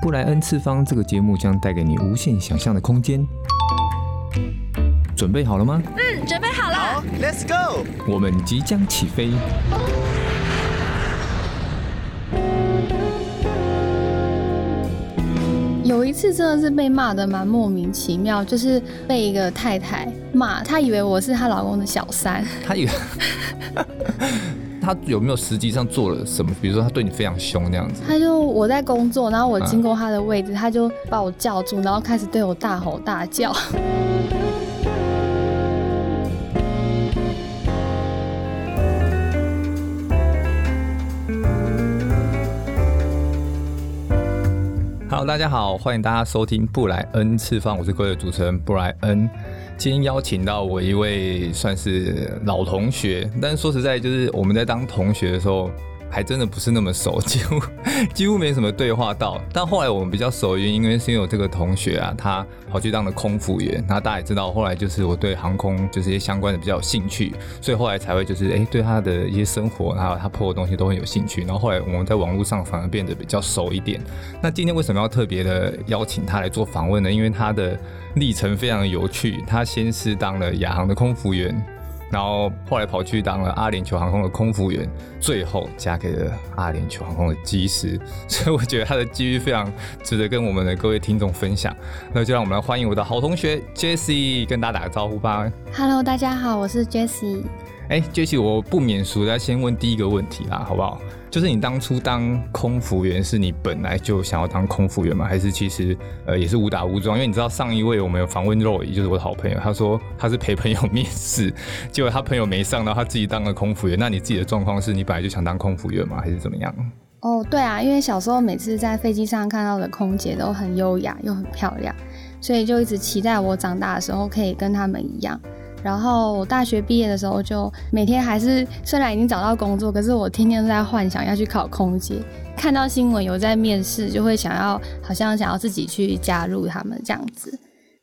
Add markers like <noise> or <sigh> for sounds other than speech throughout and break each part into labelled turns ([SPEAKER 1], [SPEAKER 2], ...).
[SPEAKER 1] 布萊恩次方這個節目將帶給你無限想象的空間，準備好了嗎？嗯，準備好了。好，Let's go，我們即將起飛。
[SPEAKER 2] 哦，有一次真的是被罵得蠻莫名其妙，就是被一個太太罵，她以為我是她老公的小三，
[SPEAKER 1] 她以為。 <laughs> <laughs> 他有沒有實際上做了什麼？比如說，他對你非常凶那樣子。
[SPEAKER 2] 他就我在工作，然後我經過他的位置，嗯、他就把我叫住，然後開始對我大吼大叫。
[SPEAKER 1] <music> Hello，大家好，歡迎大家收聽布萊恩次方，我是各位主持人布萊恩。今天邀請到我一位算是老同學，但是說實在，就是我們在當同學的時候，還真的不是那麼熟，幾乎幾乎沒什麼對話到。但後來我們比較熟因，因為是因為我這個同學啊，他跑去當了空服員，然後大家也知道，後來就是我對航空就是一些相關的比較有興趣，所以後來才會就是誒、欸，對他的一些生活，然後他 PO 的東西都很有興趣。然後後來我們在網絡上反而變得比較熟一點。那今天為什麼要特別的邀請他來做訪問呢？因為他的歷程非常的有趣，他先是當了亞航的空服員。然後後來跑去當了阿聯酋航空的空服員，最後嫁給了阿聯酋航空的機師，所以我覺得他的機遇非常值得跟我們的各位聽眾分享。那就讓我們來歡迎我的好同學 Jessie，跟大家打個招呼吧。
[SPEAKER 2] Hello，大家好，我是 Jessie。
[SPEAKER 1] 哎，傑西、欸，Jesse，我不免俗，要先問第一個問題啦，好不好？就是你當初當空服員，是你本來就想要當空服員嗎？還是其實呃也是誤打誤撞？因為你知道上一位我們有訪問露伊，就是我的好朋友，他說他是陪朋友面試，結果他朋友沒上到，他自己當了空服員。那你自己的狀況是你本來就想當空服員嗎？還是怎麼樣？
[SPEAKER 2] 哦，對啊，因為小時候每次在飛機上看到的空姐都很優雅又很漂亮，所以就一直期待我長大的時候可以跟他們一樣。然後我大學畢業的時候，就每天還是雖然已經找到工作，可是我天天都在幻想要去考空姐。看到新聞有在面試，就會想要好像想要自己去加入他們這樣子。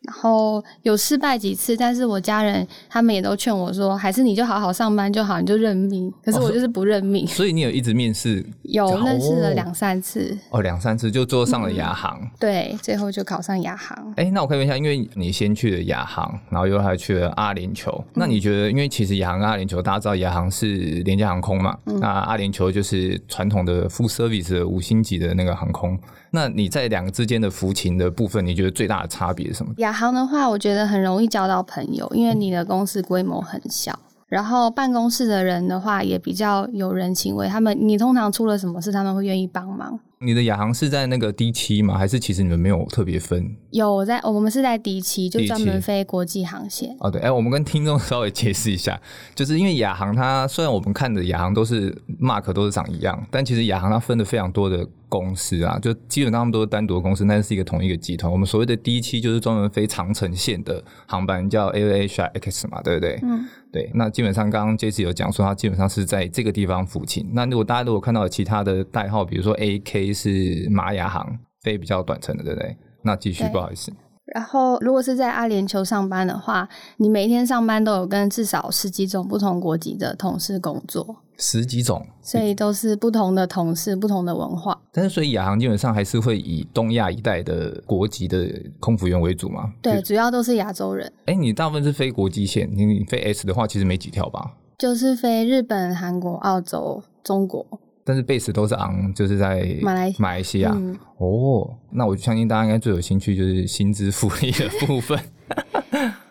[SPEAKER 2] 然後有失敗幾次，但是我家人他們也都勸我說，還是你就好好上班就好，你就認命。可是我就是不認命。
[SPEAKER 1] 哦，所以你有一直面試，
[SPEAKER 2] 有面試，哦、了兩三次
[SPEAKER 1] 哦，兩三次就做上了亞航、
[SPEAKER 2] 嗯，對，最後就考上亞航。
[SPEAKER 1] 誒，那我可以問一下，因為你先去了亞航，然後又還去了阿聯酋，嗯、那你覺得，因為其實亞航、阿聯酋大家知道，亞航是廉價航空嘛，嗯、那阿聯酋就是傳統的 full service 的五星級的那個航空。那你在兩個之間的服勤的部分，你覺得最大的差別是什麼？
[SPEAKER 2] 亞航的話，我覺得很容易交到朋友，因為你的公司規模很小，嗯、然後辦公室的人的話也比較有人情味。他們你通常出了什麼事，他們會願意幫忙。
[SPEAKER 1] 你的亞航是在那個 D 七嗎？還是其實你們沒有特別分？
[SPEAKER 2] 有在，我們是在 D 七，就專門飛國際航線。
[SPEAKER 1] 哦，oh, 對，哎、欸，我們跟聽眾稍微解釋一下，嗯、就是因為亞航它雖然我們看的亞航都是 Mark 都是長一樣，但其實亞航它分的非常多的。公司啊，就基本上都是單獨的公司，但是是一個同一個集團。我們所謂的第一期就是專門飛長城線的航班，叫 A H、R、X 嘛，對不對？嗯，對。那基本上剛剛這次有講說，它基本上是在這個地方附近。那如果大家如果看到其他的代號，比如說 A K 是瑪雅航飛比較短程的，對不對？那繼續，對不好意思。
[SPEAKER 2] 然後，如果是在阿聯酋上班的話，你每天上班都有跟至少十幾種不同國籍的同事工作。十幾種，所以都是不同的同事，不同的文化。
[SPEAKER 1] 但是，所以亞航基本上還是會以東亞一帶的國籍的空服員為主嘛？
[SPEAKER 2] 對，就主要都是亞洲人。
[SPEAKER 1] 哎、欸，你大部分是非國際線，你飛 S 的話，其實沒幾條吧？
[SPEAKER 2] 就是飛日本、韓國、澳洲、中國。
[SPEAKER 1] 但是 base 都是昂，就是在馬來西亞。哦，嗯 oh, 那我相信大家應該最有興趣就是薪資福利的部分。
[SPEAKER 2] <laughs>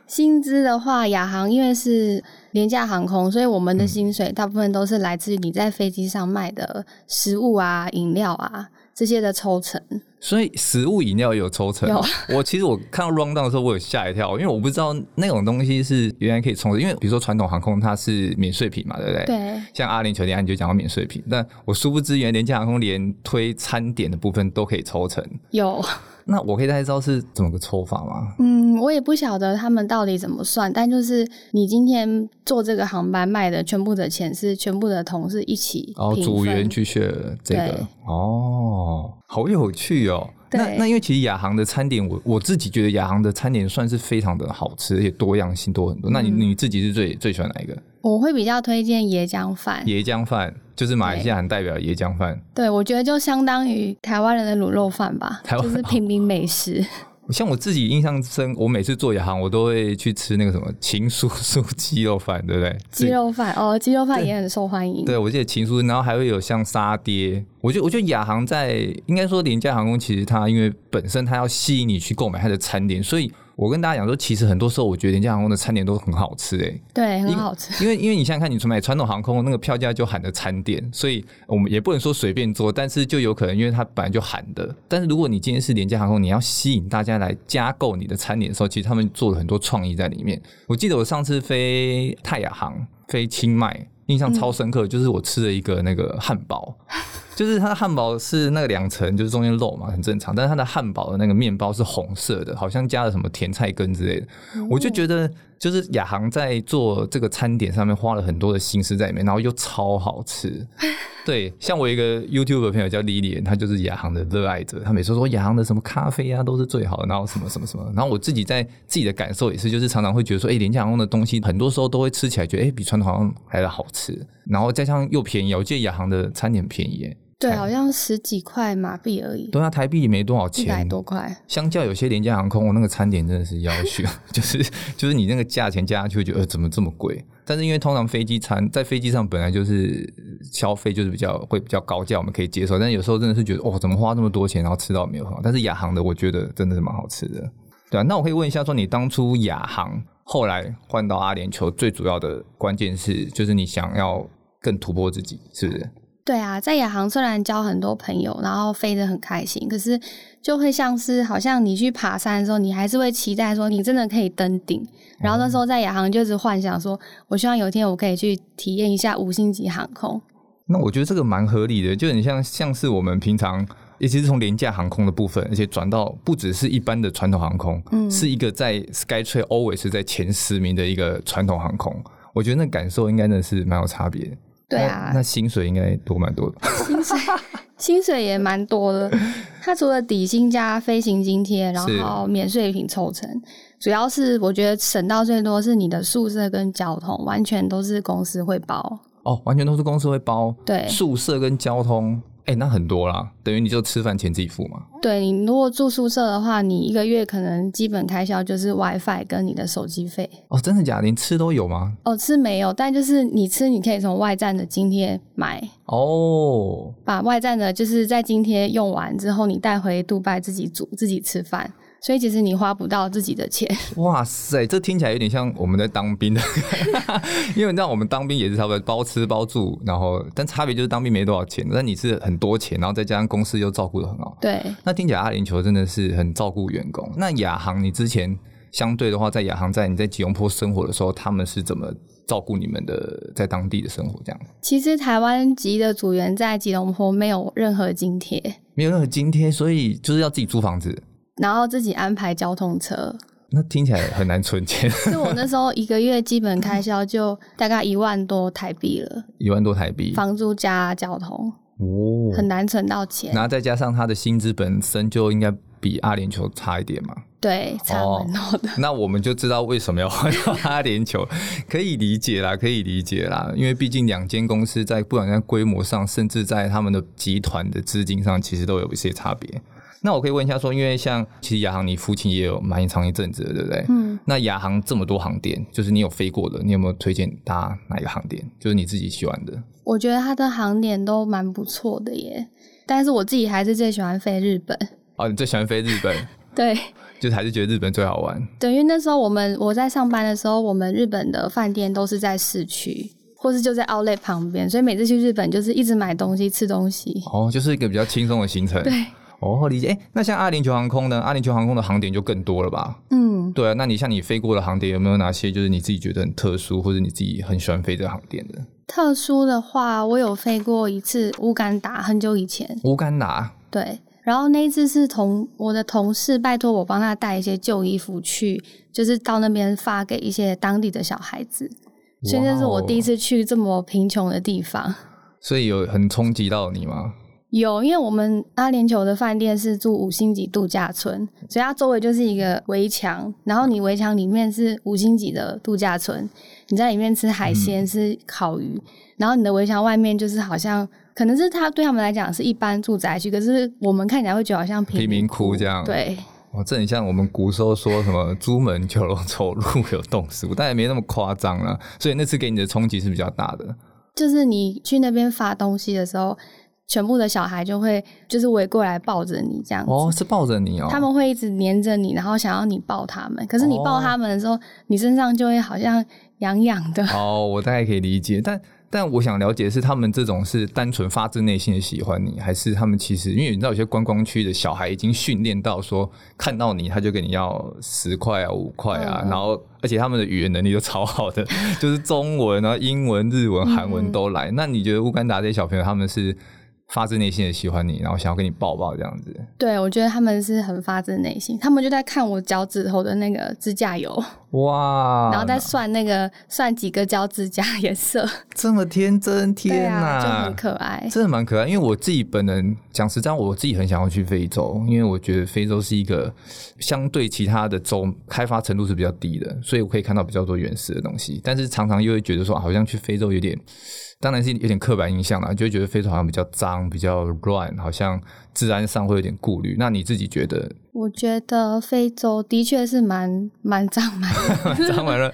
[SPEAKER 2] 薪資的話，亞航因為是廉價航空，所以我們的薪水大部分都是來自於你在飛機上賣的食物啊、飲料啊這些的抽成。
[SPEAKER 1] 所以食物飲料也有抽成。有我其實我看到 run down 的時候，我有嚇一跳，因為我不知道那種東西是原來可以抽成的。因為比如說傳統航空它是免稅品嘛，對不對？對。像阿聯酋那你就講到免稅品，但我殊不知原來廉價航空連推餐點的部分都可以抽成，有。那我可以大概知道是怎麼個抽法嗎？嗯，
[SPEAKER 2] 我也不曉得他們到底怎麼算，但就是你今天坐這個航班賣的全部的錢是全部的同事一起
[SPEAKER 1] 哦，組員去學這個對哦，好有趣哦。對那那因為其實亞航的餐點我，我我自己覺得亞航的餐點算是非常的好吃，也多樣性多很多。那你，嗯、你自己是最最喜歡哪一個？
[SPEAKER 2] 我會比較推薦椰漿飯，
[SPEAKER 1] 椰漿飯就是馬來西亞人代表的椰漿飯對。
[SPEAKER 2] 對，我覺得就相當於台灣人的滷肉飯吧，台灣人就是平民美食，
[SPEAKER 1] 哦。像我自己印象深，我每次做亞航，我都會去吃那個什麼秦叔叔雞肉飯，對不對？雞肉
[SPEAKER 2] 飯哦，雞肉飯也很受歡迎。對，
[SPEAKER 1] 對，我記得秦叔然後還會有像沙爹。我覺得我覺得亞航在應該說廉價航空，其實它因為本身它要吸引你去購買它的餐點，所以。我跟大家講說，其實很多時候我覺得廉價航空的餐點都很好吃誒、欸。
[SPEAKER 2] 對，很好吃。
[SPEAKER 1] 因，因為因為你現在看，你買傳統航空那個票價就喊的餐點，所以我們也不能說隨便做，但是就有可能因為它本來就喊的。但是如果你今天是廉價航空，你要吸引大家來加購你的餐點的時候，其實他們做了很多創意在裡面。我記得我上次飛泰亞航飛清邁，印象超深刻，嗯、就是我吃了一個那個漢堡。就是它的漢堡是那個兩層，就是中間肉嘛，很正常。但是它的漢堡的那個麵包是紅色的，好像加了什麼甜菜根之類的。Oh. 我就覺得，就是亞航在做這個餐點上面花了很多的心思在裡面，然後又超好吃。 <laughs> 對，像我一個 YouTube 的朋友叫 Lily，他就是亞航的熱愛者，他每次說亞航的什麼咖啡啊都是最好的，然後什麼什麼什麼。然後我自己在自己的感受也是，就是常常會覺得說，誒廉價航空的東西很多時候都會吃起來覺得，誒、欸、比傳統好像還要好吃，然後再加上又便宜，我記得亞航的餐點便宜耶。
[SPEAKER 2] 對，好像十幾塊馬幣而已。
[SPEAKER 1] 對啊，台幣沒多少錢，一百多塊。相較有些廉價航空，我、哦、那個餐點真的是要去， <laughs> 就是就是你那個價錢加上去，覺得、呃、怎麼這麼貴？但是因為通常飛機餐在飛機上本來就是消費就是比較會比較高價，我們可以接受。但是有時候真的是覺得哦，怎麼花那麼多錢，然後吃到沒有。但是亞航的我覺得真的是蠻好吃的，對啊。那我可以問一下，說你當初亞航後來換到阿聯酋，最主要的關鍵是就是你想要更突破自己，是不是？
[SPEAKER 2] 對啊，在亞航雖然交很多朋友，然後飛得很開心，可是就會像是好像你去爬山的時候，你還是會期待說你真的可以登頂。然後那時候在亞航就是幻想說，嗯、我希望有一天我可以去體驗一下五星級航空。
[SPEAKER 1] 那我覺得這個蠻合理的，就你像像是我們平常，尤其是從廉價航空的部分，而且轉到不只是一般的傳統航空，嗯、是一個在 Skytree 歐尾是在前十名的一個傳統航空，我覺得那感受應該真是蠻有差別對啊、哦，那薪水應該多蠻多的。薪
[SPEAKER 2] 水薪水，也蠻多的， <laughs> 他除了底薪加飛行津貼，然後免稅品抽成，是主要是我覺得省到最多是你的宿舍跟交通，完全都是公司會包。
[SPEAKER 1] 哦，完全都是公司會包，對，宿舍跟交通。哎、欸，那很多啦，等於你就吃飯錢自己付嘛。
[SPEAKER 2] 對，你如果住宿舍的話，你一個月可能基本開銷就是 WiFi 跟你的手機費。
[SPEAKER 1] 哦，真的假的？連吃都有嗎？
[SPEAKER 2] 哦，吃沒有，但就是你吃你可以從外站的津貼買。
[SPEAKER 1] 哦，
[SPEAKER 2] 把外站的就是在津貼用完之後，你帶回杜拜自己煮，自己吃飯。所以其實你花不到自己的錢。
[SPEAKER 1] 哇塞，這聽起來有點像我們在當兵的， <laughs> 因為你知道我們當兵也是差不多包吃包住，然後但差別就是當兵沒多少錢，那你是很多錢，然後再加上公司又照顧得很好。對，那聽起來阿聯酋真的是很照顧員工。那亞航，你之前相對的話，在亞航在你在吉隆坡生活的時候，他們是怎麼照顧你們的在當地的生活這樣？
[SPEAKER 2] 其實台灣籍的組員在吉隆坡沒有任何津貼，
[SPEAKER 1] 沒有任何津貼，所以就是要自己租房子。
[SPEAKER 2] 然後自己安排交通車，
[SPEAKER 1] 那聽起來很難存錢。 <laughs> 是我那時
[SPEAKER 2] 候一個月基本開銷就大概一萬多台幣了。
[SPEAKER 1] 一萬多台幣，
[SPEAKER 2] 房租加交通哦，很難存到錢。然後
[SPEAKER 1] 再加上他的薪資本身就應該比阿聯酋差一點嘛。嗯、
[SPEAKER 2] 對，差很多
[SPEAKER 1] 的、哦。那我們就知道為什麼要換到阿聯酋， <laughs> 可以理解啦，可以理解啦，因為畢竟兩間公司在不管在規模上，甚至在他們的集團的資金上，其實都有一些差別。那我可以問一下，說因為像其實亞航，你父親也有蠻長一陣子的，對不對？嗯。那亞航這麼多航點，就是你有飛過的，你有沒有推薦他哪一個航點？就是你自己喜歡的？
[SPEAKER 2] 我覺得它的航點都蠻不錯的耶，但是我自己還是最喜歡飛日本。
[SPEAKER 1] 哦，你最喜歡飛日本？ <laughs> 對，就還是覺得日本最好玩。
[SPEAKER 2] 等於那時候我們我在上班的時候，我們日本的飯店都是在市區，或是就在 Outlet 旁邊，所以每次去日本就是一直買東西、吃東西。
[SPEAKER 1] 哦，就是一個比較輕鬆的行程。對。哦，理解。哎，那像阿聯酋航空呢？阿聯酋航空的航點就更多了吧？嗯，對啊。那你像你飛過的航點，有沒有哪些就是你自己覺得很特殊，或者你自己很喜歡飛的航點的？
[SPEAKER 2] 特殊的話，我有飛過一次烏干達，很久以前。
[SPEAKER 1] 烏干達。
[SPEAKER 2] 對，然後那一次是同我的同事拜託我幫他帶一些舊衣服去，就是到那邊發給一些當地的小孩子。所以那是我第一次去這麼貧窮的地方。
[SPEAKER 1] 所以有很衝擊到你嗎？
[SPEAKER 2] 有，因為我們阿聯酋的飯店是住五星級度假村，所以它周圍就是一個圍牆，然後你圍牆裡面是五星級的度假村，你在裡面吃海鮮、吃烤魚，嗯、然後你的圍牆外面就是好像，可能是它對他們來講是一般住宅區，可是我們看起來會覺得好像貧
[SPEAKER 1] 民窟、窟這樣。對，哦，這很像我們古時候說什麼“朱 <laughs> 門酒肉臭，路有凍死骨”，但也沒那麼誇張了。所以那次給你的衝擊是比較大的。
[SPEAKER 2] 就是你去那邊發東西的時候。全部的小孩就會就是圍過來抱着你這樣子，哦，
[SPEAKER 1] 是抱着你哦。他們
[SPEAKER 2] 會一直黏着你，然後想要你抱他們。可是你抱他們的時候，哦、你身上就會好像癢癢的。
[SPEAKER 1] 哦，我大概可以理解， <laughs> 但但我想了解是他們這種是單純發自內心的喜歡你，還是他們其實因為你知道有些觀光區的小孩已經訓練到說看到你他就跟你要十塊啊五塊啊，啊哦、然後而且他們的語言能力都超好的， <laughs> 就是中文啊、英文日文、韓文都來。嗯、那你覺得烏干達這些小朋友他們是？發自內心的喜歡你，然後想要跟你抱抱這樣子。
[SPEAKER 2] 對，我覺得他們是很發自內心，他們就在看我腳趾頭的那個指甲油。
[SPEAKER 1] 哇！然後再算
[SPEAKER 2] 那個哪算幾個腳趾甲顏色，這麼天真，天哪，對啊，就很可愛，
[SPEAKER 1] 真的蠻可愛。因為我自己本人講實在，我自己很想要去非洲，因為我覺得非洲是一個相對其他的洲開發程度是比較低的，所以我可以看到比較多原始的東西。但是常常又會覺得說，好像去非洲有點。當然是有點刻板印象啦，就會覺得非洲好像比較髒、比較亂，好像治安上會有點顧慮。那你自己覺得？
[SPEAKER 2] 我覺得非洲的確是蠻蠻髒、蠻
[SPEAKER 1] 髒、蠻亂 <laughs>
[SPEAKER 2] 人。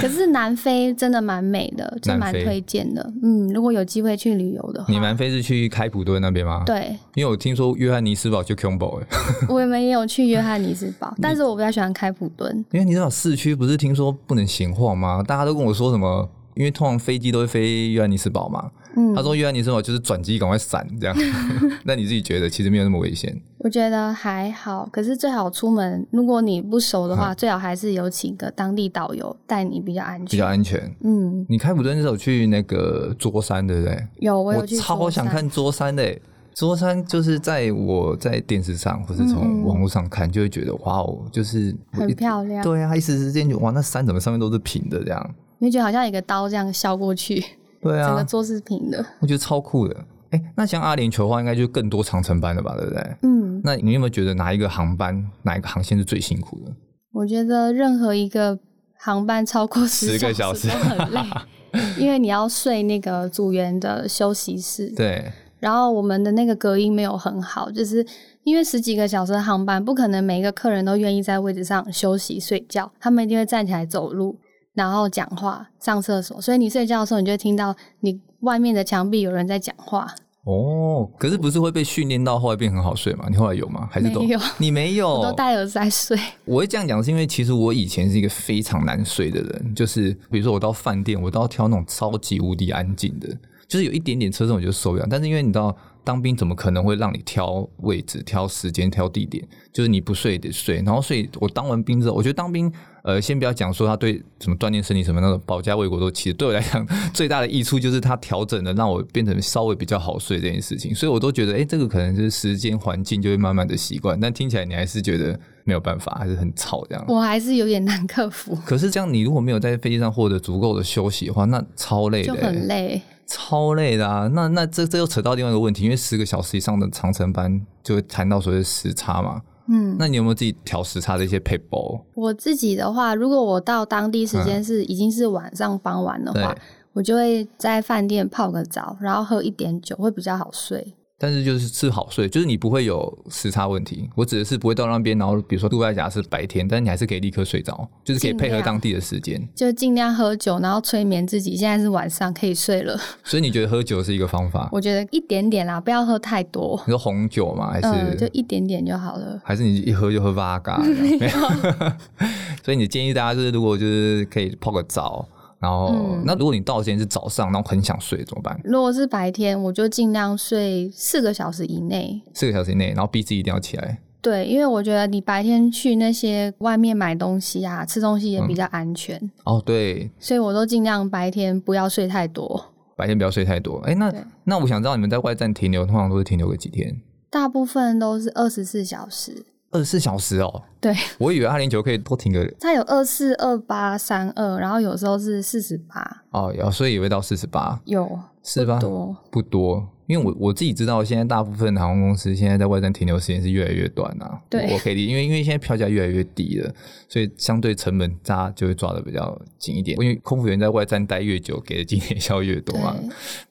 [SPEAKER 2] 可是南非真的蠻美的，真、就、蠻、是、推薦的。非嗯，如果有機會去旅遊的
[SPEAKER 1] 話，你南非是去開普敦那邊嗎、啊？對，因為我聽說約翰尼斯堡很恐怖欸，
[SPEAKER 2] 我沒有去約翰尼斯堡，但是我比較喜歡開普敦。
[SPEAKER 1] 因為你知道市區不是聽說不能閒晃嗎？大家都跟我說什麼？因為通常飛機都會飛約翰尼斯堡嘛，嗯、他說約翰尼斯堡就是轉機，趕快閃這樣。那 <laughs> 你自己覺得其實沒有那麼危險？
[SPEAKER 2] 我覺得還好，可是最好出門，如果你不熟的話，哈最好還是有請個當地導遊帶你比較安全，比較安全。嗯，
[SPEAKER 1] 你開普敦那時候去那個桌山對不對？有，我，有我超想看桌山的、欸、桌山，就是在我在電視上或是從網絡上看，就會覺得哇哦，就是很
[SPEAKER 2] 漂亮。對
[SPEAKER 1] 啊，一時之間就哇，那山怎麼上面都是平的這樣？
[SPEAKER 2] 你覺得好像一個刀這樣削過去，對啊，整個做視頻的，
[SPEAKER 1] 我覺得超酷的。誒、欸、那像阿聯酋的話，應該就更多長程班的吧，對不對？
[SPEAKER 2] 嗯，那
[SPEAKER 1] 你有沒有覺得哪一個航班、哪一個航線是最辛苦的？
[SPEAKER 2] 我覺得任何一個航班超過十個小時都很累， <laughs> 因為你要睡那個組員的休息室。對，然後我們的那個隔音沒有很好，就是因為十幾個小時的航班，不可能每一個客人都願意在位置上休息睡覺，他們一定會站起來走路。然後講話、上廁所，所以你睡覺的時候，你就會聽到你外面的牆壁有人在講話。
[SPEAKER 1] 哦，可是不是會被訓練到後來變很好睡嗎？你後來有嗎？還是都沒有？你沒有？我都
[SPEAKER 2] 戴耳塞在睡。
[SPEAKER 1] 我會這樣講的是因為其實我以前是一個非常難睡的人，就是比如說我到飯店，我都要挑那種超級無敵安靜的，就是有一點點車聲我就受不了。但是因為你知道當兵，怎麼可能會讓你挑位置、挑時間、挑地點？就是你不睡也得睡，然後睡。我當完兵之後，我覺得當兵，呃，先不要講說他對怎麼鍛鍊身體什麼那種保家衛國都，其實對我來講最大的益處就是它調整的讓我變成稍微比較好睡這件事情。所以我都覺得，誒、欸、這個可能就是時間環境就會慢慢的習慣。但聽起來你還是覺得沒有辦法，還是很吵這樣。我
[SPEAKER 2] 還是有點難克服。
[SPEAKER 1] 可是這樣，你如果沒有在飛機上獲得足夠的休息的話，那超累的、欸，就很累，超累的啊！那那這這又扯到另外一個問題，因為十個小時以上的長程班就會談到所謂時差嘛。嗯，那你有沒有自己調時差這些配包？
[SPEAKER 2] 我自己的話，如果我到當地時間是、嗯、已經是晚上傍晚的話，對我就會在飯店泡個澡，然後喝一點酒，會比較好睡。
[SPEAKER 1] 但是就是吃好睡，就是你不會有時差問題。我指的是不會到那邊，然後比如說杜拜假是白天，但你還是可以立刻睡着，就是可以配合當地的時間。
[SPEAKER 2] 就盡量喝酒，然後催眠自己。現在是晚上，可以睡了。
[SPEAKER 1] 所以你覺得喝酒是一個方法？
[SPEAKER 2] 我覺得一點點啦，不要喝太多。
[SPEAKER 1] 你說紅酒嗎？還是、嗯、就
[SPEAKER 2] 一點點就好了？
[SPEAKER 1] 還是你一喝就喝 Vodka？d 沒有。 <laughs> 所以你建議大家就是，如果就是可以泡個澡。然後，嗯、那如果你到時間是早上，然後很想睡怎麼辦？
[SPEAKER 2] 如果是白天，我就盡量睡四個小時以內。
[SPEAKER 1] 四個小時以內，然後逼自己一定要起來。
[SPEAKER 2] 對，因為我覺得你白天去那些外面買東西啊、吃東西也比較安全。
[SPEAKER 1] 嗯、哦，對。
[SPEAKER 2] 所以我都盡量白天不要睡太多。
[SPEAKER 1] 白天不要睡太多。哎，那對那我想知道你們在外站停留通常都是停留個幾天？
[SPEAKER 2] 大部分都是二十四小時。
[SPEAKER 1] 二十四小時哦，對，我以為二零九可以多停個。
[SPEAKER 2] 它有二四二八三二，然後有時候是四十八
[SPEAKER 1] 哦，有，所以也會到四十八，有是吧？不多，不多，因為我我自己知道，現在大部分航空公司現在在外站停留時間是越來越短啊。對我，我可以理解，因為因為現在票價越來越低了，所以相對成本，他就會抓得比較緊一點。因為空服員在外站待越久，給的津貼效越多嘛、啊，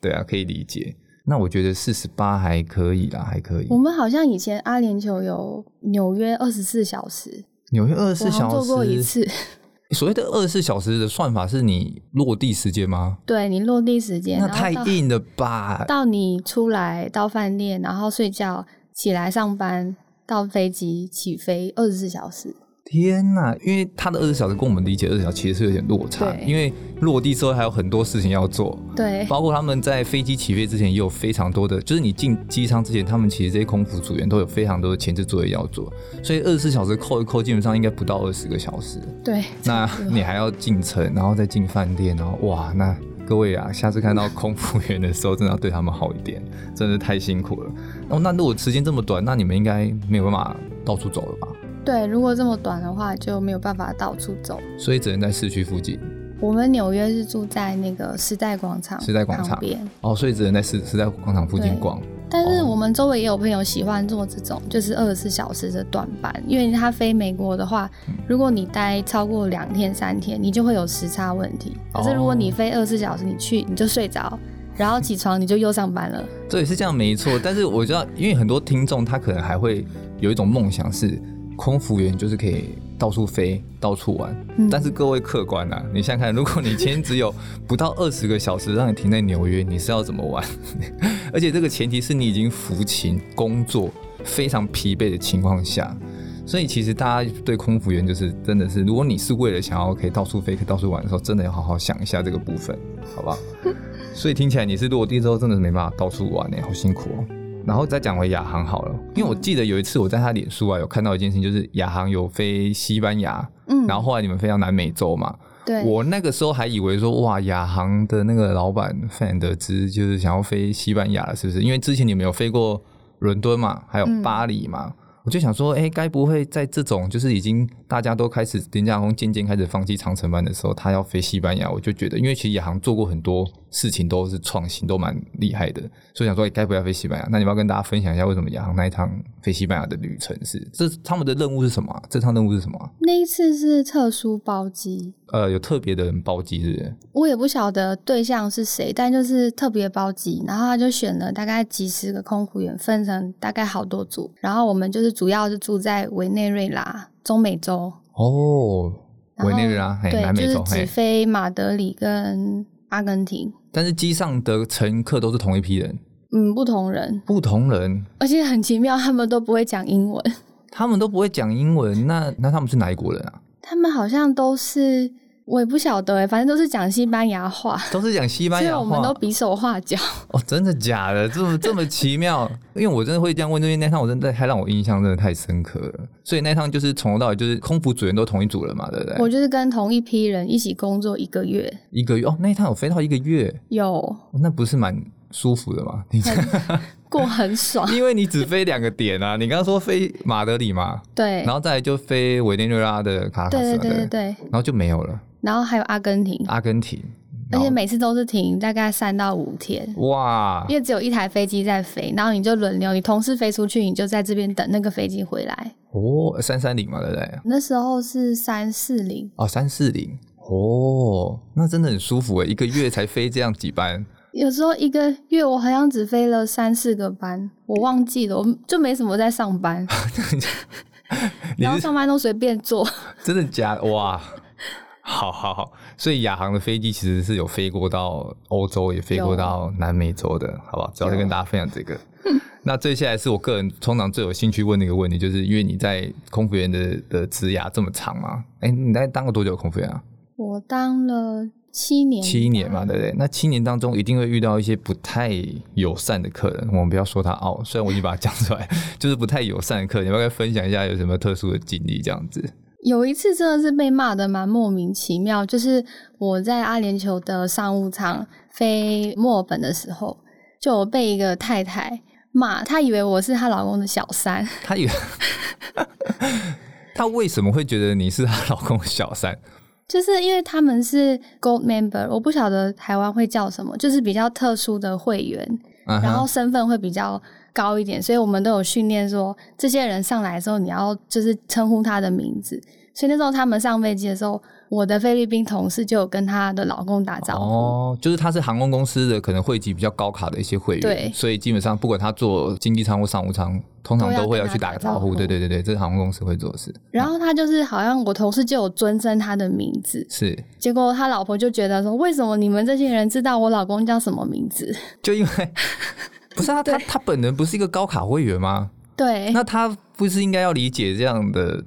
[SPEAKER 1] 對，對啊，可以理解。那我覺得四十八還可以啦，還可以。我
[SPEAKER 2] 們好像以前阿聯酋有紐約二十四小時，
[SPEAKER 1] 紐約二十四小時，你做過一次。所謂的二十四小時的算法是你落地時間嗎？
[SPEAKER 2] 對，你落地時間。那太硬
[SPEAKER 1] 了吧？到
[SPEAKER 2] 你出來到飯店，然後睡覺，起來上班，到飛機起飛二十四小時。
[SPEAKER 1] 天吶，因為他的二十四小時跟我們理解二十四小時其實是有點落差，對因為落地之後還有很多事情要做，對，包括他們在飛機起飛之前也有非常多的，就是你進機艙之前，他們其實這些空服組員都有非常多的前置作業要做，所以二十四小時扣一扣，基本上應該不到二十個小時，對。那你還要進城，然後再進飯店，然後哇，那各位啊，下次看到空服員的時候，真的要對他們好一點，真的太辛苦了。哦。那如果時間這麼短，那你們應該沒有辦法到處走了吧？
[SPEAKER 2] 對，如果這麼短的話，就沒有辦法到處走，
[SPEAKER 1] 所以只能在市區附近。
[SPEAKER 2] 我們紐約是住在那個時代廣場，時代廣場邊
[SPEAKER 1] 哦，所以只能在時時代廣場附近逛。
[SPEAKER 2] 但是我們周圍也有朋友喜歡做這種，就是二十四小時的短班，因為他飛美國的話，嗯、如果你待超過兩天三天，你就會有時差問題。可是如果你飛二十四小時，你去你就睡着，然後起床你就又上班
[SPEAKER 1] 了。對，是這樣沒錯。但是我知道， <laughs> 因為很多聽眾他可能還會有一種夢想是。空服員就是可以到處飛、到處玩，嗯、但是各位客官啊，你想想看，如果你今天只有不到二十個小時讓你停在紐約，你是要怎麼玩？ <laughs> 而且這個前提是你已經服勤工作非常疲憊的情況下，所以其實大家對空服員就是真的是，如果你是為了想要可以到處飛、可以到處玩的時候，真的要好好想一下這個部分，好不好？所以聽起來你是落地之後真的沒辦法到處玩哎、欸，好辛苦哦、喔。然後再講回亞航好了，因為我記得有一次我在他臉書啊、嗯、有看到一件事情，就是亞航有飛西班牙，嗯、然後後來你們飛到南美洲嘛，對我那個時候還以為說，哇，亞航的那個老闆范德茲就是想要飛西班牙了，是不是？因為之前你們有飛過倫敦嘛，還有巴黎嘛，嗯、我就想說，哎，該不會在這種就是已經大家都開始廉價空漸漸開始放棄長程班的時候，他要飛西班牙？我就覺得，因為其實亞航做過很多。事情都是創新，都蠻厲害的，所以想說，該不要飛西班牙？那你要跟大家分享一下，為什麼亞航那一趟飛西班牙的旅程是？這是他們的任務是什麼啊？這趟任務是什麼
[SPEAKER 2] 啊？那一次是特殊包機，
[SPEAKER 1] 呃，有特別的人包機，是不
[SPEAKER 2] 是？我也不曉得對象是誰，但就是特別包機，然後他就選了大概幾十個空服員，分成大概好多組，然後我們就是主要是住在委內瑞拉、中美洲
[SPEAKER 1] 哦，委內瑞拉對，南美洲就是直
[SPEAKER 2] 飛馬德里跟阿根廷。
[SPEAKER 1] 但是機上的乘客都是同一批人，
[SPEAKER 2] 嗯，不同人，
[SPEAKER 1] 不同人，
[SPEAKER 2] 而且很奇妙，他們都不會講英文，
[SPEAKER 1] <laughs> 他們都不會講英文，那那他們是哪一國人啊？
[SPEAKER 2] 他們好像都是。我也不曉得、欸、反正都是講西班牙話，
[SPEAKER 1] 都是講西班牙話，所以我們都
[SPEAKER 2] 比手畫腳。
[SPEAKER 1] 哦，真的假的？這麼這麼奇妙？ <laughs> 因為我真的會這樣問這些。因為那趟我真的太讓我印象真的太深刻了。所以那趟就是從頭到尾就是空服組員都同一組了嘛，對不對？我
[SPEAKER 2] 就是跟同一批人一起工作一個月，
[SPEAKER 1] 一個月哦，那一趟有飛到一個月有、哦，那不是蠻舒服的嗎？很 <laughs>
[SPEAKER 2] 我很爽， <laughs> 因
[SPEAKER 1] 為你只飛兩個點啊！你剛剛說飛馬德里嘛，對，然後再來就飛委內瑞拉的卡拉卡斯，對對對，對然後就沒有了。
[SPEAKER 2] 然後還有阿根廷，阿根廷，而且每次都是停大概三到五天
[SPEAKER 1] 哇，因
[SPEAKER 2] 為只有一台飛機在飛，然後你就輪流，你同事飛出去，你就在這邊等那個飛機回來
[SPEAKER 1] 哦。三三零嘛，對
[SPEAKER 2] 不對？那時候是三四零
[SPEAKER 1] 哦，三四零哦，那真的很舒服誒，一個月才飛這樣幾班。 <laughs>
[SPEAKER 2] 有時候一個月我好像只飛了三四個班，我忘記了，我就沒什麼在上班，
[SPEAKER 1] <laughs> 是然後上
[SPEAKER 2] 班都隨便坐，
[SPEAKER 1] 真的假？哇，好好好，所以亞航的飛機其實是有飛過到歐洲，也飛過到南美洲的，有好不好？主要是跟大家分享這個。有 <laughs> 那接下來是我個人通常最有興趣問的一個問題，就是因為你在空服員的的職涯這麼長嘛，誒、欸、你在當過多久空服員啊？
[SPEAKER 2] 我當了七年，七
[SPEAKER 1] 年嘛，對不對？那七年當中，一定會遇到一些不太友善的客人。我們不要說他哦，雖然我已經把它講出來， <laughs> 就是不太友善的客人。你們要分享一下有什麼特殊的經歷？這樣子，
[SPEAKER 2] 有一次真的是被罵的蠻莫名其妙。就是我在阿聯酋的商務艙飛墨爾本的時候，就被一個太太罵，她以為我是她老公的小三。
[SPEAKER 1] 她以為， <laughs> 她為什麼會覺得你是她老公的小三？
[SPEAKER 2] 就是因為他們是 Gold Member，我不曉得台灣會叫什麼，就是比較特殊的會員，uh huh. 然後身份會比較高一點，所以我們都有訓練說，這些人上來的時候你要就是稱呼他的名字。所以那時候他們上飛機的時候，我的菲律賓同事就有跟她的老公打招
[SPEAKER 1] 呼。哦，就是他是航空公司的，可能會籍比較高卡的一些會員，對，所以基本上不管他坐經濟艙或商務艙，通常都會要去打個招呼。都要跟他打招呼，對對對對，這是航空公司會做的事。
[SPEAKER 2] 然後他就是好像我同事就有尊稱他的名字，嗯、是。結果他老婆就覺得說：“為什麼你們這些人知道我老公叫什麼名字？”
[SPEAKER 1] 就因為 <laughs> 不是、啊、對他，他他本人不是一個高卡會員嗎？
[SPEAKER 2] 對。那他
[SPEAKER 1] 不是應該要理解這樣的？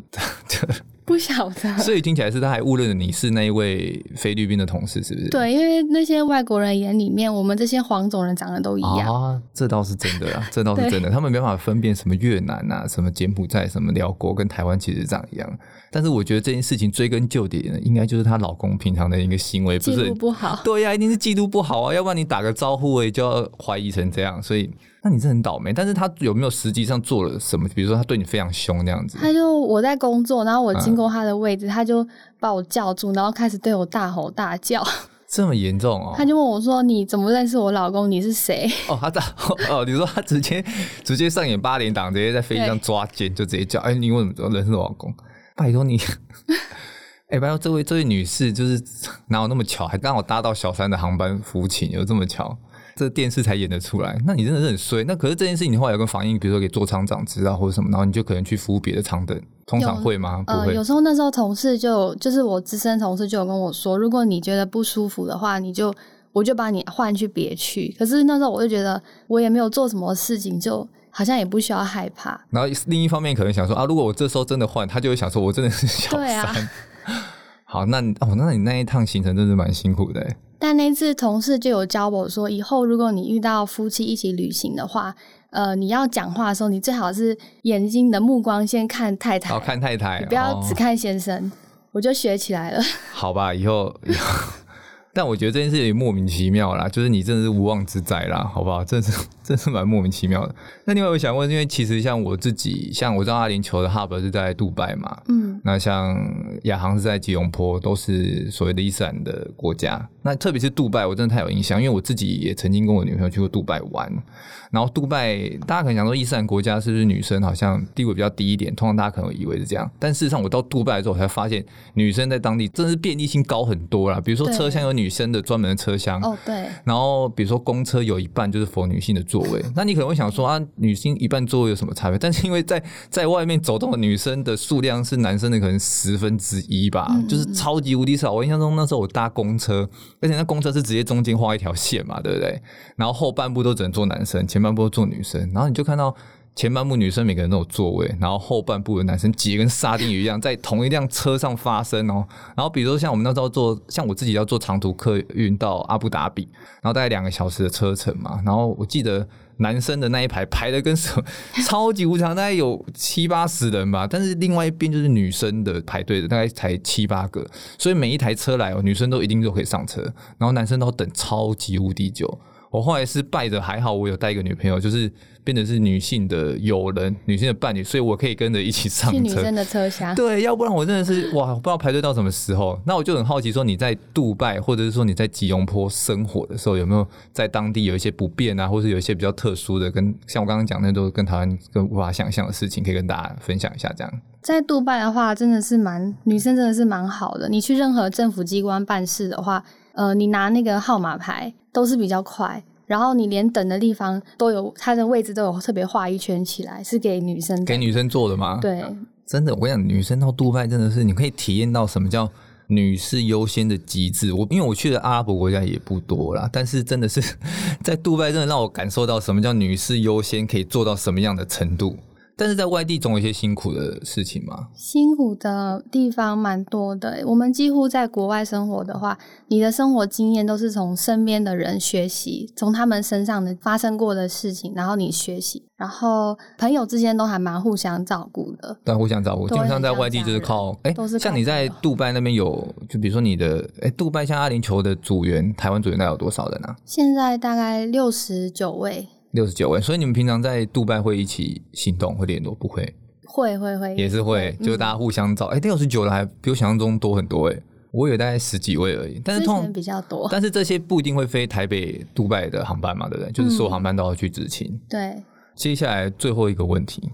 [SPEAKER 1] <laughs>
[SPEAKER 2] 不曉得，所
[SPEAKER 1] 以聽起來是他還誤認你是那一位菲律賓的同事，是不是？對，
[SPEAKER 2] 因為那些外國人眼裡面，我們這些黃種人長得都一樣
[SPEAKER 1] 啊、哦，這倒是真的， <laughs> 對這倒是真的，他們沒辦法分辨什麼越南啊，什麼柬埔寨，什麼寮國跟台灣其實長一樣。但是我覺得這件事情追根究底呢，應該就是她老公平常的一個行為，不是嫉妒不好？對呀、啊，一定是嫉妒不好啊！要不然你打個招呼，哎，就要懷疑成這樣，所以那你是很倒霉。但是她有沒有實際上做了什麼？比如說她對你非常兇那樣子？他
[SPEAKER 2] 就我在工作，然後我經過他的位置，嗯、他就把我叫住，然後開始對我大吼大叫，哦、
[SPEAKER 1] 這麼嚴重哦？他
[SPEAKER 2] 就問我說：“你怎麼認識我老公？你是誰？”哦，他大
[SPEAKER 1] 哦，你說他直接 <laughs> 直接上演八連檔，直接在飛機上抓奸，就直接叫哎對、欸，你為什麼認識我老公？拜托你，哎、 <laughs> 欸，拜托這位這位女士，就是哪有那麼巧，還剛好搭到小三的航班服勤，有這麼巧？這電視才演得出來。那你真的是很衰。那可是這件事情，你後來有跟反映，比如說給座艙長知道或者什麼，然後你就可能去服務別的艙等，通常會嗎？呃、不會。有
[SPEAKER 2] 時候那時候同事就就是我資深同事就有跟我說，如果你覺得不舒服的話，你就我就把你換去別去。可是那時候我就覺得我也沒有做什麼事情就。好像也不需要害怕。
[SPEAKER 1] 然後另一方面，可能想說啊，如果我這時候真的換，他就會想說，我真的是小三。對啊、好，那哦，那你那一趟行程真的蠻辛苦的。
[SPEAKER 2] 但那次同事就有教我說，以後如果你遇到夫妻一起旅行的話，呃，你要講話的時候，你最好是眼睛的目光先看太太，
[SPEAKER 1] 好，看太太，不要只看
[SPEAKER 2] 先生。哦、我就學起來了。
[SPEAKER 1] 好吧，以後。以後 <laughs> 但我覺得這件事也莫名其妙啦，就是你真的是無妄之災啦，好不好？這是。真是蠻莫名其妙的。那另外我想問，因為其實像我自己，像我知道阿聯酋的 Hub 是在杜拜嘛，嗯，那像亞航是在吉隆坡，都是所謂的伊斯蘭的國家。那特別是杜拜，我真的太有印象，因為我自己也曾經跟我女朋友去過杜拜玩。然後杜拜大家可能想說伊斯蘭國家是不是女生好像地位比較低一點？通常大家可能有以為是這樣，但事實上我到杜拜之後才發現，女生在當地真的是便利性高很多了。比如說車廂有女生的專對門的車廂，哦、oh, 對，然後比如說公車有一半就是 for 女性的座。座位，那你可能會想說啊，女性一半座位有什麼差別？但是因為在在外面走動的女生的數量是男生的可能十分之一吧，嗯、就是超級無敵少。我印象中那時候我搭公車，而且那公車是直接中間畫一條線嘛，對不對？然後後半部都只能坐男生，前半部都坐女生，然後你就看到。前半部女生每個人都有座位，然後後半部的男生擠跟沙丁魚一樣，在同一輛車上發生哦、喔。然後比如說像我們那時候坐，像我自己要坐長途客運到阿布達比，然後大概兩個小時的車程嘛。然後我記得男生的那一排排的跟什麼超級無常，大概有七八十人吧。但是另外一邊就是女生的排隊的大概才七八個，所以每一台車來、喔，哦，女生都一定都可以上車，然後男生都要等超級無敵久。我後來是拜的還好，我有帶一個女朋友，就是變成是女性的友人、女性的伴侶，所以我可以跟着一起上車。去女生的車廂對，要不然我真的是哇，不知道排隊到什麼時候。那我就很好奇，說你在杜拜或者是說你在吉隆坡生活的時候，有沒有在當地有一些不便啊，或是有一些比較特殊的，跟像我剛剛講那都跟台灣跟無法想象的事情，可以跟大家分享一下這樣。
[SPEAKER 2] 在杜拜的話，真的是蠻女生，真的是蠻好的。你去任何政府機關辦事的話。呃，你拿那個號碼牌都是比較快，然後你連等的地方都有，它的位置都有特別畫一圈起來，是給女生，
[SPEAKER 1] 給女生坐的嗎？
[SPEAKER 2] 對，
[SPEAKER 1] 真的，我跟你講女生到杜拜真的是你可以體驗到什麼叫女士優先的極致。我因為我去的阿拉伯國家也不多啦，但是真的是在杜拜，真的讓我感受到什麼叫女士優先可以做到什麼樣的程度。但是在外地總有一些辛苦的事情嘛，
[SPEAKER 2] 辛苦的地方蠻多的。我們幾乎在國外生活的話，你的生活經驗都是從身邊的人學習，從他們身上的發生過的事情，然後你學習。然後朋友之間都還蠻互相照顧的，
[SPEAKER 1] 但互相照顧對基本上在外地就是靠哎，像你在杜拜那邊有，就比如說你的哎，杜拜像阿聯酋的組員，台灣組員那有多少人呢？啊。
[SPEAKER 2] 現在大概六十九位。
[SPEAKER 1] 六十九位，所以你們平常在杜拜會一起行動，會聯絡，不會？
[SPEAKER 2] 會會會也
[SPEAKER 1] 是會，對就是大家互相找。哎、嗯，六十九的還比我想象中多很多誒、欸，我以為大概十幾位而已。但是通常
[SPEAKER 2] 之前比較多，但是
[SPEAKER 1] 這些不一定會飛台北、杜拜的航班嘛，對不對？嗯、就是所有航班都要去執勤。對。接下來最後一個問題。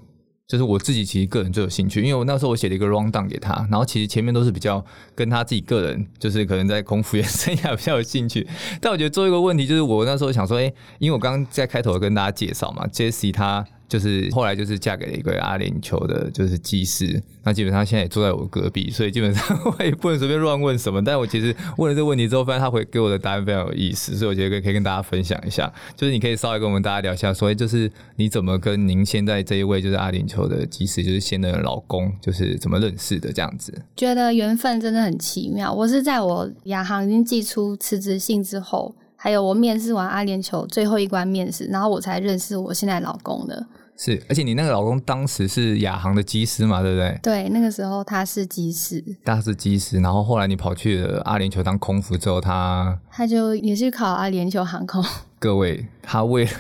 [SPEAKER 1] 就是我自己其實個人最有興趣，因為我那時候我寫了一個 rundown 給他，然後其實前面都是比較跟他自己個人，就是可能在空服員生涯比較有興趣，但我覺得最後一個問題，就是我那時候想說，誒，因為我剛剛在開頭跟大家介紹嘛，Jessie 他。就是後來就是嫁給了一個阿聯酋的，就是機師。那基本上他現在也住在我隔壁，所以基本上我 <laughs> 也不能隨便亂問什麼。但我其實問了這個問題之後，發現他回給我的答案非常有意思，所以我覺得可以跟大家分享一下。就是你可以稍微跟我們大家聊一下，所以就是你怎麼跟您現在這一位就是阿聯酋的機師，就是現任的老公，就是怎麼認識的？這樣子。
[SPEAKER 2] 覺得緣分真的很奇妙。我是在我亞航已經寄出辭職信之後。還有我面試完阿聯酋最後一關面試，然後我才認識我現在老公的。
[SPEAKER 1] 是，而且你那個老公當時是亞航的機師嘛，對不對？
[SPEAKER 2] 對，那個時候他是機師。
[SPEAKER 1] 他是機師，然後後來你跑去了阿聯酋當空服之後他，
[SPEAKER 2] 他他就也是考阿聯酋航空。
[SPEAKER 1] 各位，她為了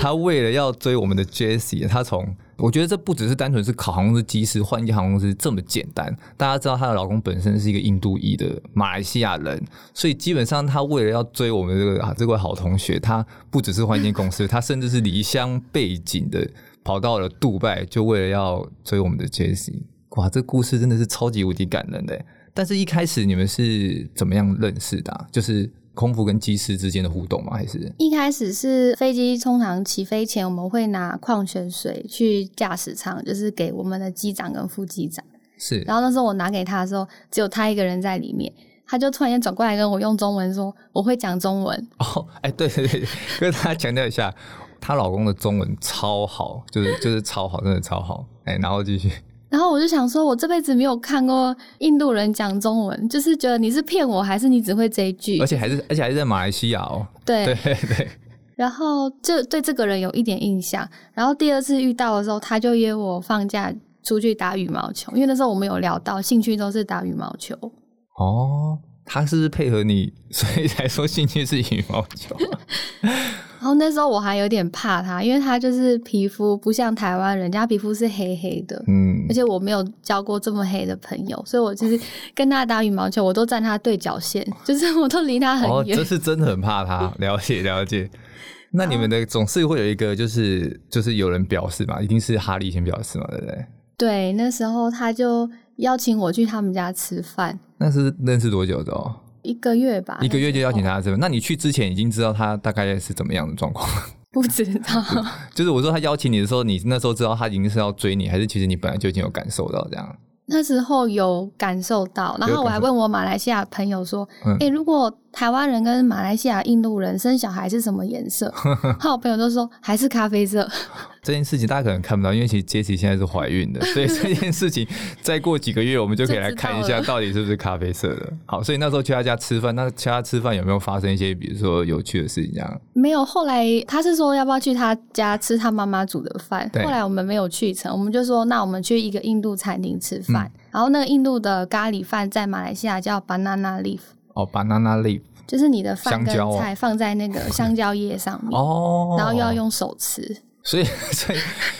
[SPEAKER 1] 她為了要追我們的 Jessie，她從我覺得這不只是單純是考航空公司機師換一家航空公司這麼簡單。大家知道她的老公本身是一個印度裔的馬來西亞人，所以基本上她為了要追我們這個、啊、這位好同學，她不只是換一間公司，她甚至是離鄉背井的跑到了杜拜，就為了要追我們的 Jessie。哇，這故事真的是超級無敵感人的！但是，一開始你們是怎麼樣認識的、啊？就是。空服跟機師之間的互動嗎？還是
[SPEAKER 2] 一開始是飛機通常起飛前，我們會拿礦泉水去駕駛艙，就是給我們的機長跟副機長。是，然後那時候我拿給他的時候，只有他一個人在裡面，他就突然間轉過來跟我用中文說：“我會講中文。”
[SPEAKER 1] 哦，哎，對對對，跟他強調一下， <laughs> 他老公的中文超好，就是就是超好，真的超好。哎，然後繼續。
[SPEAKER 2] 然後我就想說，我這輩子沒有看過印度人講中文，就是覺得你是騙我還是你只會這一句。而且還
[SPEAKER 1] 是，而且還是在馬來西亞哦。對對對。對對
[SPEAKER 2] 然後就對這個人有一點印象，然後第二次遇到的時候，他就約我放假出去打羽毛球，因為那時候我們有聊到興趣都是打羽毛球。
[SPEAKER 1] 哦。他是，不是配合你，所以才說興趣是羽毛球。
[SPEAKER 2] <laughs> 然後那時候我還有點怕他，因為他就是皮膚不像台灣人家皮膚是黑黑的，嗯，而且我沒有交過這麼黑的朋友，所以我就是跟他打羽毛球，我都站他對角線，就是我都離他很遠。哦。這是
[SPEAKER 1] 真的很怕他，了解了解。 <laughs> 那你們的總是會有一個，就是就是有人表示嘛，一定是哈利先表示嘛，對不對？
[SPEAKER 2] 對，那時候他就。邀請我去他們家吃飯，
[SPEAKER 1] 那是認識多久的？哦？
[SPEAKER 2] 一個月吧，一個
[SPEAKER 1] 月就邀請他吃飯。嘿那你去之前已經知道他大概是怎麼樣的狀況？
[SPEAKER 2] 不知道 <laughs> ，
[SPEAKER 1] 就是我說他邀請你的時候，你那時候知道他已經是要追你，還是其實你本來就已經有感受到這樣？
[SPEAKER 2] 那時候有感受到，然後我還問我馬來西亞朋友說：“哎、欸，如果台灣人跟馬來西亞印度人生小孩是什麼顏色？”然後我， <laughs> 朋友都說還是咖啡色。 <laughs>
[SPEAKER 1] 這件事情大家可能看不到，因為其實 Jessie 現在是懷孕的，所以這件事情再過幾個月，我們就可以來看一下到底是不是咖啡色的。好，所以那時候去他家吃飯，那去他家吃飯有沒有發生一些比如說有趣的事情這
[SPEAKER 2] 樣？沒有。後來他是說要不要去他家吃他媽媽煮的飯，對後來我們沒有去成，我們就說那我們去一個印度餐廳吃飯。嗯、然後那個印度的咖喱飯在馬來西亞叫 banana leaf、哦、
[SPEAKER 1] banana leaf。哦，banana leaf，
[SPEAKER 2] 就是你的飯跟菜放在那個香蕉葉上
[SPEAKER 1] 面，蕉啊、 <laughs> 然後又要用手吃。所以，所以，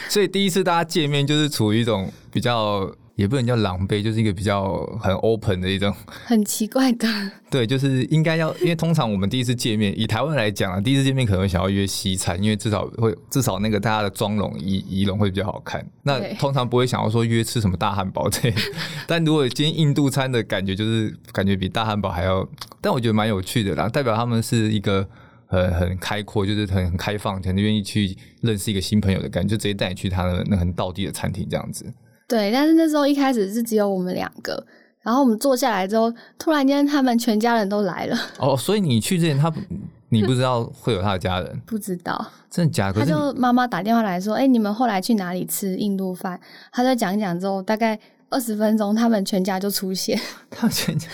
[SPEAKER 1] 所以第一次大家見面就是處於一種比較，也不能叫狼狽，就是一個比較很 open 的一種，
[SPEAKER 2] 很奇怪的。
[SPEAKER 1] 對，就是應該要，因為通常我們第一次見面，以台灣來講啊，第一次見面可能會想要約西餐，因為至少會，至少那個大家的妝容儀儀容會比較好看。那通常不會想要說約吃什麼大漢堡這樣。但如果今天印度餐的感覺，就是感覺比大漢堡還要，但我覺得蠻有趣的啦，代表他們是一個。很很開闊，就是很很開放，很願意去認識一個新朋友的感覺，就直接帶你去他的那很道地的餐廳這樣子。
[SPEAKER 2] 對，但是那時候一開始是只有我們兩個，然後我們坐下來之後，突然間他們全家人都來
[SPEAKER 1] 了。哦，所以你去之前他 <laughs> 你不知道會有他的家人， <laughs> 不知道真的假的？他就
[SPEAKER 2] 媽媽打電話來說：“哎、欸，你們後來去哪裡吃印度飯？”他就講一講之後，大概二十分鐘，他們全家就出現。他全家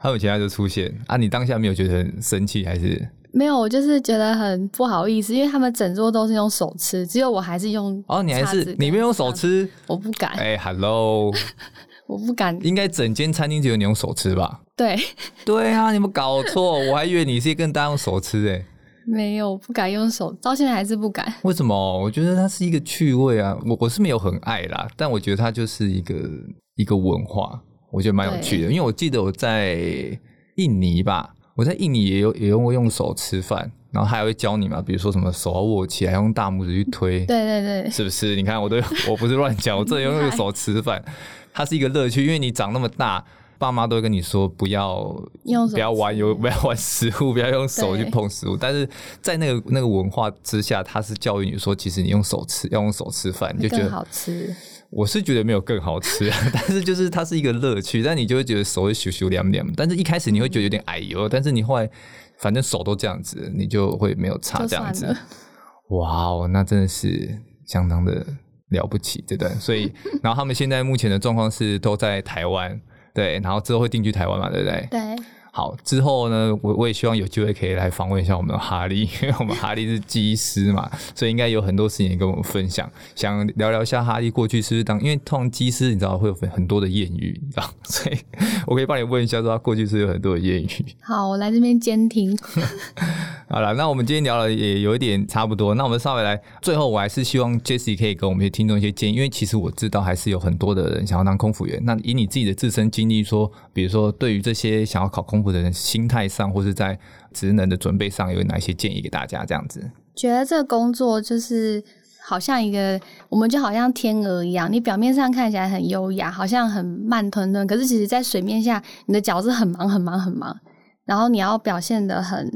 [SPEAKER 1] 他們全家就出現啊？你當下沒有覺得很生氣還是？
[SPEAKER 2] 沒有，我就是覺得很不好意思，因為他們整桌都是用手吃，只有我還是用。哦，你還是你
[SPEAKER 1] 沒用手吃？我不敢。哎、欸、，Hello， <laughs> 我不敢。應該整間餐廳只有你用手吃吧？
[SPEAKER 2] 對，對啊，你有沒有
[SPEAKER 1] 搞錯， <laughs> 我還以為你是跟大家用手吃誒、欸。
[SPEAKER 2] 沒有，不敢用手，到現在還是不敢。
[SPEAKER 1] 為什麼？我覺得它是一個趣味啊，我我是沒有很愛啦，但我覺得它就是一個一個文化，我覺得蠻有趣的。對因為我記得我在印尼吧。我在印尼也有也用過用手吃飯，然後他還會教你嘛，比如說什麼手要握起來，用大拇指去推，
[SPEAKER 2] 對對對，是
[SPEAKER 1] 不是？你看我都，我不是亂講，我這用用手吃飯，害它是一個樂趣，因為你長那麼大，爸媽都會跟你說不要用手，不要玩油，不要玩食物，不要用手去碰食物，對但是在那個那個文化之下，他是教育你說，其實你用手吃，要用手吃飯，你就覺得好吃。我是覺得沒有更好吃， <laughs> 但是就是它是一個樂趣， <laughs> 但你就會覺得手會咻咻涼涼，但是一開始你會覺得有點矮呦，但是你後來反正手都這樣子，你就會沒有差這樣子。哇哦，wow, 那真的是相當的了不起，對不對？所以，然後他們現在目前的狀況是都在台灣， <laughs> 對，然後之後會定居台灣嘛，對不對？對好，之後呢，我我也希望有機會可以來訪問一下我們的哈利，因為我們哈利是機師嘛，所以應該有很多事情也跟我們分享，想聊聊一下哈利過去是不是當，因為通常機師你知道會有很多的艷遇，你知道，所以我可以幫你問一下，說他過去是不是有很多的艷遇。
[SPEAKER 2] 好，我來這邊監聽。 <laughs>
[SPEAKER 1] 好了，那我們今天聊了也有一點差不多，那我們稍微來最後，我還是希望 Jessie 可以給我們一些聽眾一些建議，因為其實我知道還是有很多的人想要當空服員。那以你自己的自身經歷說，比如說對於這些想要考空服的人，心態上或是在職能的準備上，有哪一些建議給大家？這樣子，
[SPEAKER 2] 覺得這個工作就是好像一個，我們就好像天鵝一樣，你表面上看起來很優雅，好像很慢吞吞，可是其實在水面下，你的腳是很忙很忙很忙，然後你要表現得很。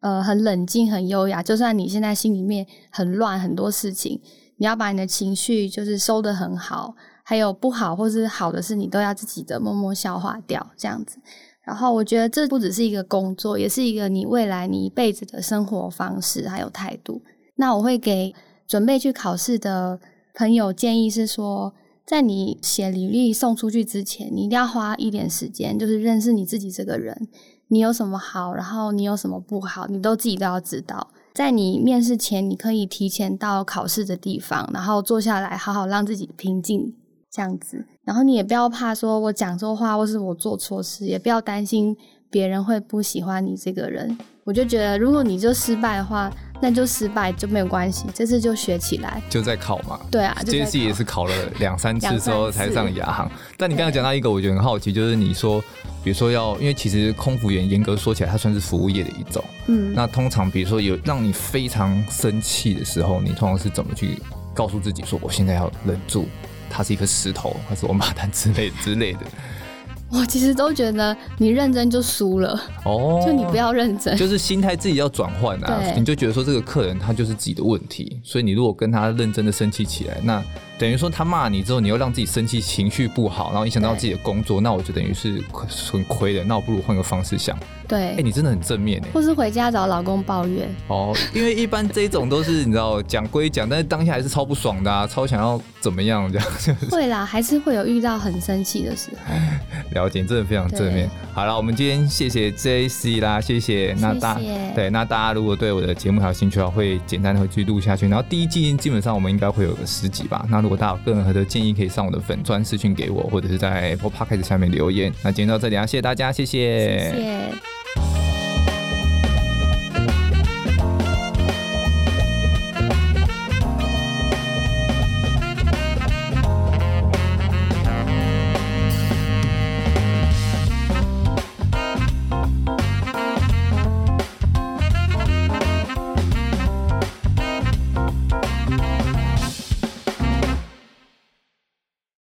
[SPEAKER 2] 呃，很冷靜，很優雅。就算你現在心裡面很亂，很多事情，你要把你的情緒就是收得很好，還有不好或是好的事，你都要自己的默默消化掉，這樣子。然後我覺得這不只是一個工作，也是一個你未來你一輩子的生活方式還有態度。那我會給準備去考試的朋友建議是說，在你寫履歷送出去之前，你一定要花一點時間，就是認識你自己這個人。你有什麼好，然後你有什麼不好，你都自己都要知道。在你面試前，你可以提前到考試的地方，然後坐下來，好好讓自己平靜，這樣子。然後你也不要怕說我講錯話，或是我做錯事，也不要擔心別人會不喜歡你這個人。我就覺得，如果你就失敗的話，那就失敗就沒有關係，這次就學起來，
[SPEAKER 1] 就在考嘛。對啊，這次也是考了兩三次之後才上亞航。 <laughs> 次但你剛剛講到一個，我覺得很好奇，就是你說，對比如說要，因為其實空服員嚴格說起來，它算是服務業的一種。嗯。那通常，比如說有讓你非常生氣的時候，你通常是怎麼去告訴自己說，我現在要忍住它？它是一顆石頭，還是我馬蛋之類之類的？ <laughs>
[SPEAKER 2] 我其實都覺得你認真就輸了
[SPEAKER 1] 哦，就你不要認真，就是心態自己要轉換啊。對你就覺得說，這個客人他就是自己的問題，所以你如果跟他認真的生氣起來，那等於說他罵你之後，你又讓自己生氣，情緒不好，然後影響到自己的工作，對那我就等於是很虧的。那我不如換個方式想。對，哎，你真的很正面哎。
[SPEAKER 2] 或是回家找老公抱怨。
[SPEAKER 1] 哦，因為一般這一種都是你知道講歸講， <laughs> 但是當下還是超不爽的啊，超想要。怎麼樣？這樣
[SPEAKER 2] 會啦，還是會有遇到很生氣的事。
[SPEAKER 1] <laughs> 了解，真的非常正面。對好啦，我們今天謝謝 JC 啦，謝謝，謝，謝那大對，那大家如果對我的節目還有興趣的話，會簡單的去錄下去。然後第一季基本上我們應該會有個十集吧。那如果大家有任何的建議，可以上我的粉專私訊給我，或者是在 Podcast 下面留言。那今天到這裡啊，謝謝大家，謝謝。謝謝。